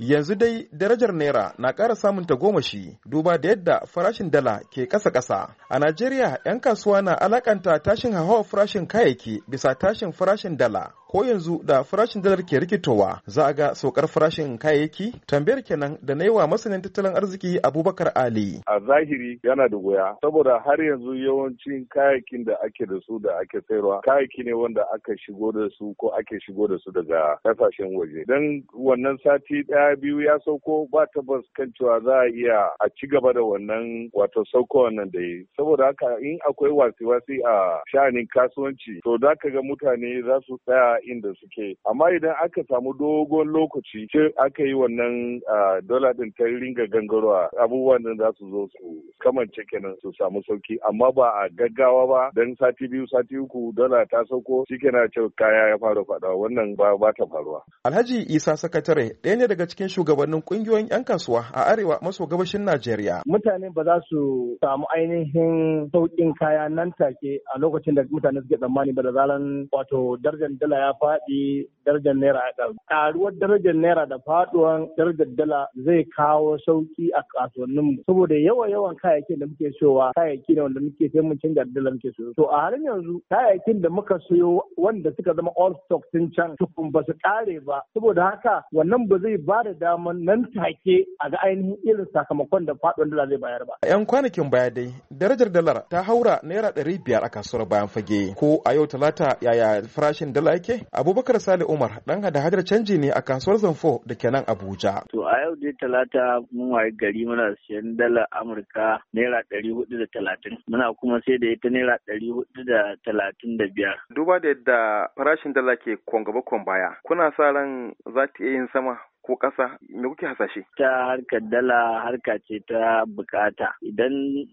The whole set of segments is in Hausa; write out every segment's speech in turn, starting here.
Yanzu dai darajar Naira na ƙara samun tagomashi duba da yadda farashin dala ke ƙasa-ƙasa. A Najeriya, 'yan kasuwa na alakanta tashin hauhawar farashin kayayyaki bisa tashin farashin dala. ko yanzu da farashin dalar ke rikitowa za a ga saukar farashin kayayyaki tambayar kenan da na yi wa masanin tattalin arziki abubakar ali a zahiri yana da goya saboda har yanzu yawancin kayayyakin da ake da su da ake sayarwa kayayyaki ne wanda aka shigo da su ko ake shigo da su daga kasashen waje dan wannan sati daya biyu ya sauko ba tabbas kan cewa za a iya a ci gaba da wannan wato sauko wannan da yi saboda haka in akwai wasi-wasi a shanin kasuwanci to za ka ga mutane za su tsaya da suke amma idan aka samu dogon lokaci ce aka yi wannan dola din ta ringa gangarwa abubuwan nan za su zo su kamance kenan su samu sauki amma ba a gaggawa ba dan sati biyu sati uku dola ta sauko na ce kaya ya fara faɗawa wannan ba ba ta faruwa Alhaji Isa sakatare ɗaya ne daga cikin shugabannin kungiyoyin 'yan kasuwa a arewa maso gabashin Najeriya mutane ba za su samu ainihin sauƙin kaya nan take a lokacin da mutane suke tsammani ba da zaran wato darajar dala ya faɗi darajar naira ya ƙaru. Ƙaruwar darajar naira da faɗuwar darajar dala zai kawo sauƙi a kasuwannin mu saboda yawan yawan kayayyakin da muke siyowa kayayyaki ne wanda muke sai mun canza dala muke siyo. To a halin yanzu kayayyakin da muka siyo wanda suka zama all stock sun can tukun ba su ƙare ba saboda haka wannan ba zai ba da daman nan take a ga ainihin irin sakamakon da faɗuwar dala zai bayar ba. Yan kwanakin baya dai darajar dalar ta haura naira ɗari biyar a kasuwar bayan fage ko a yau talata yaya farashin dala yake? abubakar sale umar dan hada hadar canji ne a kasuwar zamfo da ke nan abuja to a yau dai talata mun waye gari muna siyan dala amurka naira ɗari hudu da talatin muna kuma sai da ita naira ɗari hudu da talatin da biyar duba da yadda farashin dala ke kwan gaba kwan baya kuna sa ran za ta iya yin sama ko ƙasa me kuke hasashe? Ta harkar dala harka ce ta bukata. Idan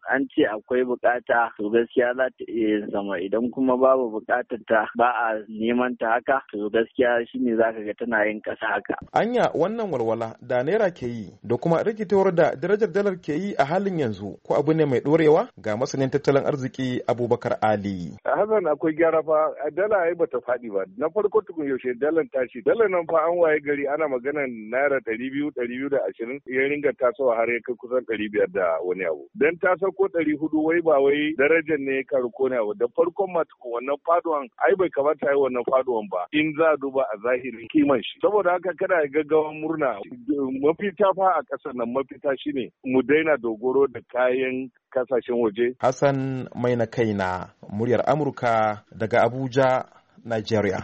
an ce akwai bukata to gaskiya za ta iya yin sama idan kuma babu bukatar ta ba a neman ta haka to gaskiya shine za ka ga tana yin ƙasa haka. Anya wannan walwala da naira ke yi da kuma rikitawar da darajar dalar ke yi a halin yanzu ko abu ne mai ɗorewa ga masanin tattalin arziki Abubakar Ali. Hassan akwai gyara fa dala ai bata faɗi ba na farko tukun yaushe dalan tashi dalan nan fa an waye gari ana maganan naira ɗari biyu ɗari biyu da ashirin ya ringa tasowa har ya kai kusan ɗari biyar da wani abu. Dan ta sauko ɗari hudu wai ba wai darajar ne ya karu ko ne abu da farkon ma wannan faduwan ai bai kamata yi wannan faduwan ba in za a duba a zahiri kiman shi. Saboda haka kada ya gaggawan murna mafita fa a ƙasar nan mafita shine mu daina dogoro da kayan kasashen waje. Hassan mai na kai na muryar Amurka daga Abuja, Nigeria.